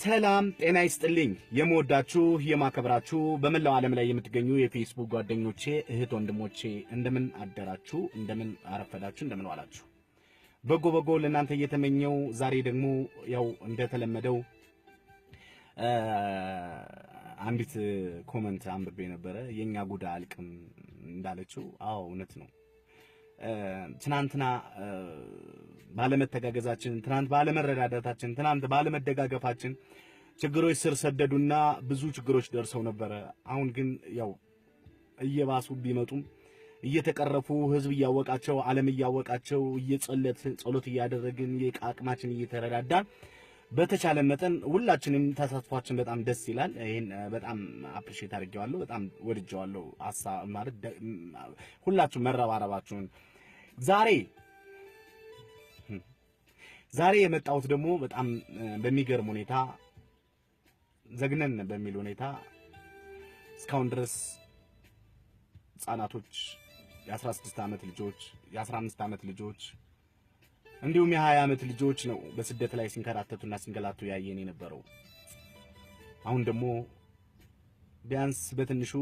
ሰላም ጤና ይስጥልኝ። የምወዳችሁ የማከብራችሁ በመላው ዓለም ላይ የምትገኙ የፌስቡክ ጓደኞቼ፣ እህት ወንድሞቼ እንደምን አደራችሁ፣ እንደምን አረፈዳችሁ፣ እንደምን ዋላችሁ። በጎ በጎ ለእናንተ እየተመኘው ዛሬ ደግሞ ያው እንደተለመደው አንዲት ኮመንት አንብቤ ነበረ። የእኛ ጉዳ አልቅም እንዳለችው፣ አዎ እውነት ነው። ትናንትና ባለመተጋገዛችን፣ ትናንት ባለመረዳዳታችን፣ ትናንት ባለመደጋገፋችን ችግሮች ስር ሰደዱና ብዙ ችግሮች ደርሰው ነበረ። አሁን ግን ያው እየባሱ ቢመጡም እየተቀረፉ ህዝብ እያወቃቸው ዓለም እያወቃቸው እየጸለት ጸሎት እያደረግን የቃቅማችን እየተረዳዳን በተቻለ መጠን ሁላችንም ተሳትፏችን በጣም ደስ ይላል። ይህን በጣም አፕሪሼት አድርጌዋለሁ፣ በጣም ወድጀዋለሁ። ሀሳብ ማለት ሁላችሁ መረባረባችሁን ዛሬ ዛሬ የመጣሁት ደግሞ በጣም በሚገርም ሁኔታ ዘግነን በሚል ሁኔታ እስካሁን ድረስ ህጻናቶች፣ የ16 ዓመት ልጆች፣ የ15 ዓመት ልጆች እንዲሁም የ20 ዓመት ልጆች ነው በስደት ላይ ሲንከራተቱና ሲንገላቱ ያየን የነበረው። አሁን ደግሞ ቢያንስ በትንሹ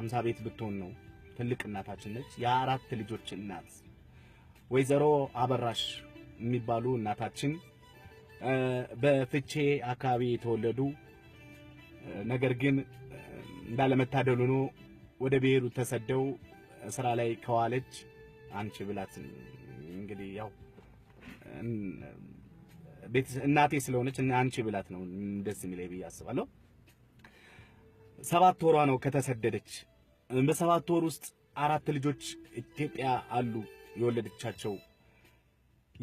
አምሳ ቤት ብትሆን ነው ትልቅ እናታችን ነች። የአራት ልጆች እናት ወይዘሮ አበራሽ የሚባሉ እናታችን በፍቼ አካባቢ የተወለዱ ነገር ግን እንዳለመታደል ሆኖ ወደ ብሔሩ ተሰደው ስራ ላይ ከዋለች አንቺ ብላት እንግዲህ ያው እናቴ ስለሆነች እና አንቺ ብላት ነው ደስ የሚለኝ ብዬ አስባለሁ። ሰባት ወሯ ነው ከተሰደደች። በሰባት ወር ውስጥ አራት ልጆች ኢትዮጵያ አሉ የወለደቻቸው።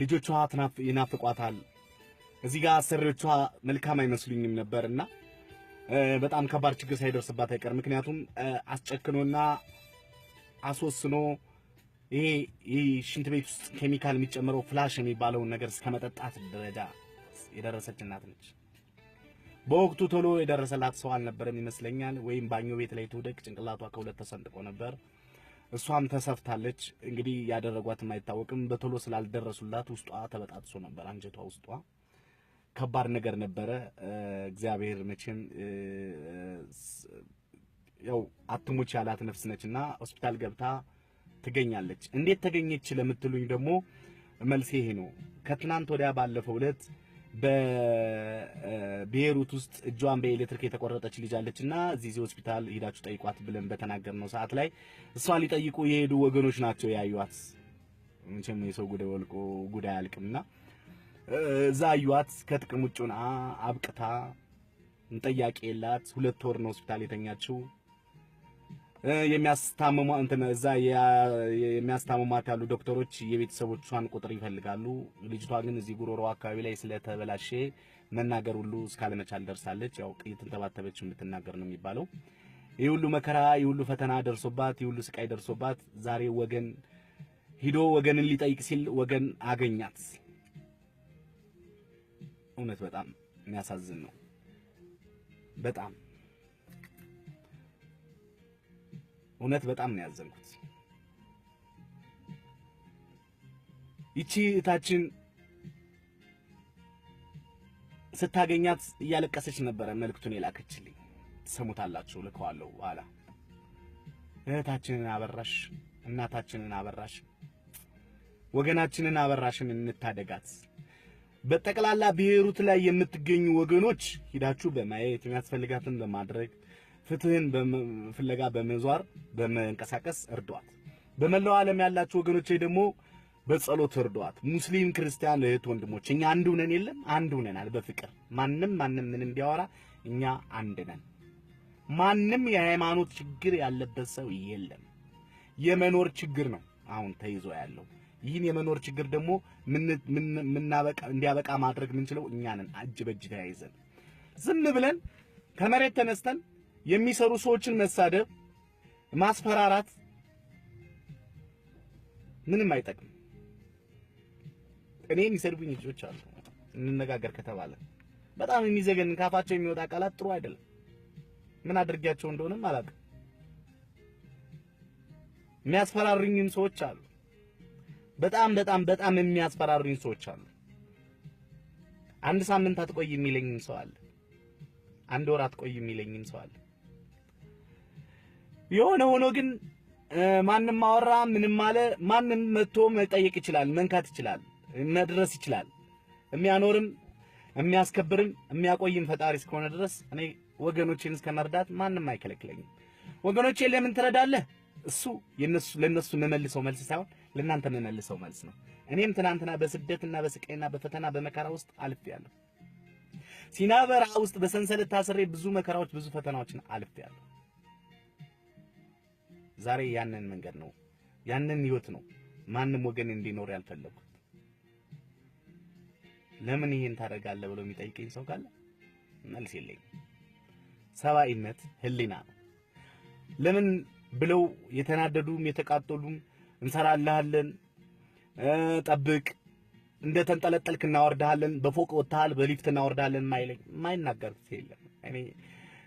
ልጆቿ ይናፍቋታል። እዚህ ጋር አሰሪዎቿ መልካም አይመስሉኝም ነበርና በጣም ከባድ ችግር ሳይደርስባት አይቀር። ምክንያቱም አስጨክኖና አስወስኖ ይሄ ይህ ሽንት ቤት ውስጥ ኬሚካል የሚጨምረው ፍላሽ የሚባለውን ነገር እስከ መጠጣት ደረጃ የደረሰች እናት ነች። በወቅቱ ቶሎ የደረሰላት ሰው አልነበረም ይመስለኛል። ወይም ባኞ ቤት ላይ ትውደቅ፣ ጭንቅላቷ ከሁለት ተሰንጥቆ ነበር። እሷም ተሰፍታለች። እንግዲህ ያደረጓትም አይታወቅም። በቶሎ ስላልደረሱላት ውስጧ ተበጣጥሶ ነበር፣ አንጀቷ፣ ውስጧ ከባድ ነገር ነበረ። እግዚአብሔር መቼም ያው አትሙች ያላት ነፍስ ነች እና ሆስፒታል ገብታ ትገኛለች። እንዴት ተገኘች ለምትሉኝ ደግሞ መልሴ ይሄ ነው። ከትናንት ወዲያ ባለፈው ዕለት በቤሩት ውስጥ እጇን በኤሌክትሪክ የተቆረጠች ልጅ አለችና እዚህ ሆስፒታል ሄዳችሁ ጠይቋት ብለን በተናገርነው ሰዓት ላይ እሷ ሊጠይቁ የሄዱ ወገኖች ናቸው ያዩዋት። መቼም የሰው ጉዳይ ወልቆ ጉዳይ አልቅምና እዛ አዩዋት። ከጥቅም ውጭ ሆና አብቅታ ጠያቂ የላት። ሁለት ወር ነው ሆስፒታል የተኛችው። የሚያስታምሙ እንትን እዛ የሚያስታምሟት ያሉ ዶክተሮች የቤተሰቦቿን ቁጥር ይፈልጋሉ። ልጅቷ ግን እዚህ ጉሮሮ አካባቢ ላይ ስለተበላሸ መናገር ሁሉ እስካለመቻል ደርሳለች። ያው እየተንተባተበች የምትናገር ነው የሚባለው። ይህ ሁሉ መከራ፣ ይህ ሁሉ ፈተና ደርሶባት፣ ይህ ሁሉ ስቃይ ደርሶባት ዛሬ ወገን ሂዶ ወገንን ሊጠይቅ ሲል ወገን አገኛት። እውነት በጣም የሚያሳዝን ነው በጣም እውነት በጣም ነው ያዘንኩት። ይቺ እህታችን ስታገኛት እያለቀሰች ነበረ መልእክቱን የላከችልኝ። ትሰሙታላችሁ፣ ልከዋለሁ በኋላ። እህታችንን አበራሽ፣ እናታችንን አበራሽ፣ ወገናችንን አበራሽን እንታደጋት። በጠቅላላ ብሔሩት ላይ የምትገኙ ወገኖች ሂዳችሁ በማየት የሚያስፈልጋትን በማድረግ ፍትህን ፍለጋ በመዟር በመንቀሳቀስ እርዷት። በመላው ዓለም ያላችሁ ወገኖቼ ደግሞ በጸሎት እርዷት። ሙስሊም ክርስቲያን እህት ወንድሞች እኛ አንድ ነን፣ የለም አንድ ነናል። በፍቅር ማንም ማንም ምንም ቢያወራ እኛ አንድ ነን። ማንም የሃይማኖት ችግር ያለበት ሰው የለም። የመኖር ችግር ነው አሁን ተይዞ ያለው። ይህን የመኖር ችግር ደግሞ እንዲያበቃ ማድረግ የምንችለው እኛ እጅ በእጅ ተያይዘን ዝም ብለን ከመሬት ተነስተን የሚሰሩ ሰዎችን መሳደብ፣ ማስፈራራት ምንም አይጠቅም። እኔ የሚሰድቡኝ ልጆች አሉ። እንነጋገር ከተባለ በጣም የሚዘገንን ካፋቸው የሚወጣ ቃላት ጥሩ አይደለም። ምን አድርጊያቸው እንደሆነም አላውቅም። የሚያስፈራሩኝም ሰዎች አሉ። በጣም በጣም በጣም የሚያስፈራሩኝ ሰዎች አሉ። አንድ ሳምንት አትቆይ የሚለኝም ሰው አለ። አንድ ወር አትቆይ የሚለኝም ሰው አለ። የሆነ ሆኖ ግን ማንም አወራ ምንም አለ፣ ማንም መጥቶ መጠየቅ ይችላል፣ መንካት ይችላል፣ መድረስ ይችላል። የሚያኖርም የሚያስከብርም የሚያቆይም ፈጣሪ እስከሆነ ድረስ እኔ ወገኖቼን እስከመርዳት ማንም አይከለክለኝም። ወገኖቼ ለምን ትረዳለህ? እሱ የነሱ ለነሱ መመልሰው መልስ ሳይሆን ለእናንተ መመልሰው መልስ ነው። እኔም ትናንትና በስደትና በስቃይና በፈተና በመከራ ውስጥ አልፌያለሁ። ሲና በረሃ ውስጥ በሰንሰለት ታስሬ ብዙ መከራዎች ብዙ ፈተናዎችን አልፌያለሁ። ዛሬ ያንን መንገድ ነው ያንን ህይወት ነው ማንም ወገን እንዲኖር ያልፈለኩት። ለምን ይሄን ታደርጋለህ ብሎ የሚጠይቀኝ ሰው ካለ መልስ የለኝም። ሰብአዊነት ህሊና ነው። ለምን ብለው የተናደዱም የተቃጠሉም እንሰራልሃለን፣ ጠብቅ፣ እንደ ተንጠለጠልክ እናወርድሃለን፣ በፎቅ ወጥተሃል፣ በሊፍት እናወርድሃለን ማይለኝ ማይናገር የለም። እኔ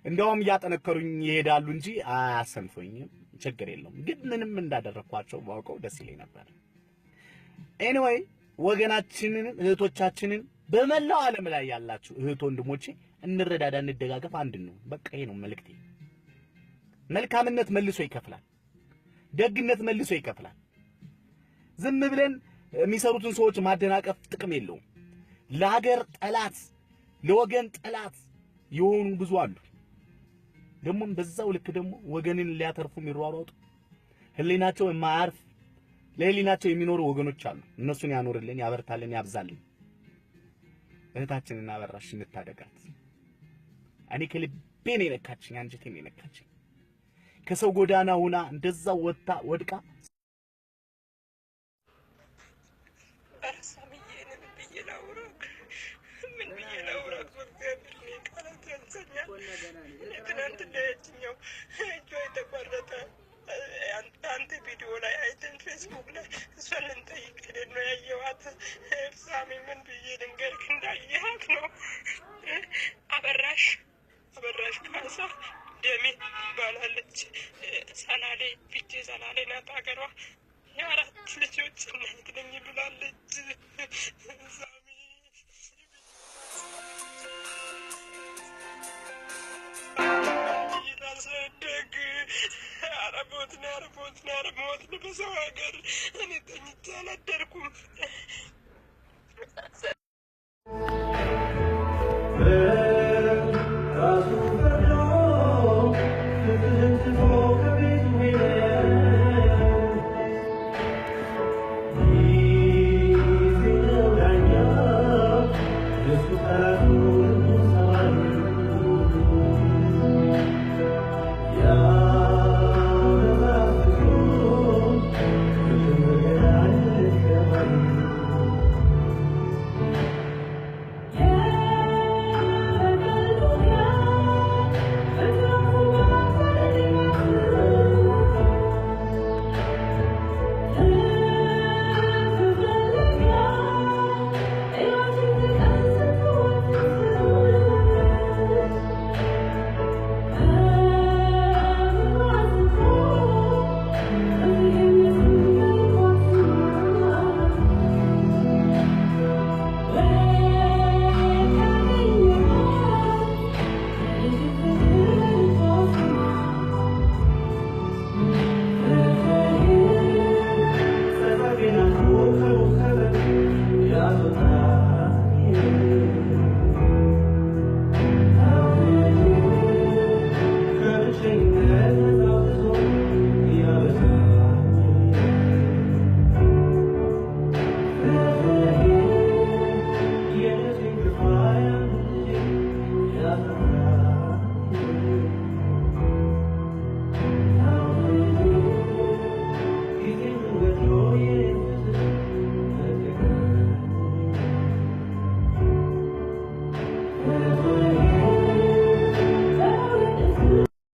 እንደውም እያጠነከሩኝ ይሄዳሉ እንጂ አያሰንፎኝም። ችግር የለውም። ግን ምንም እንዳደረግኳቸው ባውቀው ደስ ይለኝ ነበር። ኤኒዌይ ወገናችንን እህቶቻችንን በመላው ዓለም ላይ ያላችሁ እህት ወንድሞቼ እንረዳዳ፣ እንደጋገፍ፣ አንድ ነው። በቃ ይሄ ነው መልእክቴ። መልካምነት መልሶ ይከፍላል። ደግነት መልሶ ይከፍላል። ዝም ብለን የሚሰሩትን ሰዎች ማደናቀፍ ጥቅም የለውም። ለሀገር ጠላት፣ ለወገን ጠላት የሆኑ ብዙ አሉ። ደግሞም በዛው ልክ ደግሞ ወገንን ሊያተርፉ የሚሯሯጡ ህሊናቸው የማያርፍ ለህሊናቸው የሚኖሩ ወገኖች አሉ። እነሱን ያኖርልን፣ ያበርታልን፣ ያብዛልን። እህታችንን አበራሽ እንታደጋት። እኔ ከልቤ ነው የነካችኝ፣ አንጀቴ ነው የነካችኝ። ከሰው ጎዳና ሁና እንደዛው ወጣ ወድቃ ፌስቡክ ላይ እሷን ልንጠይቅ ሄደን ነው ያየኋት። ኤልሳሚ ምን ብዬ ናርሞት ናርሞት በሰው ሀገር እኔ ተኝቼ አላደርኩም።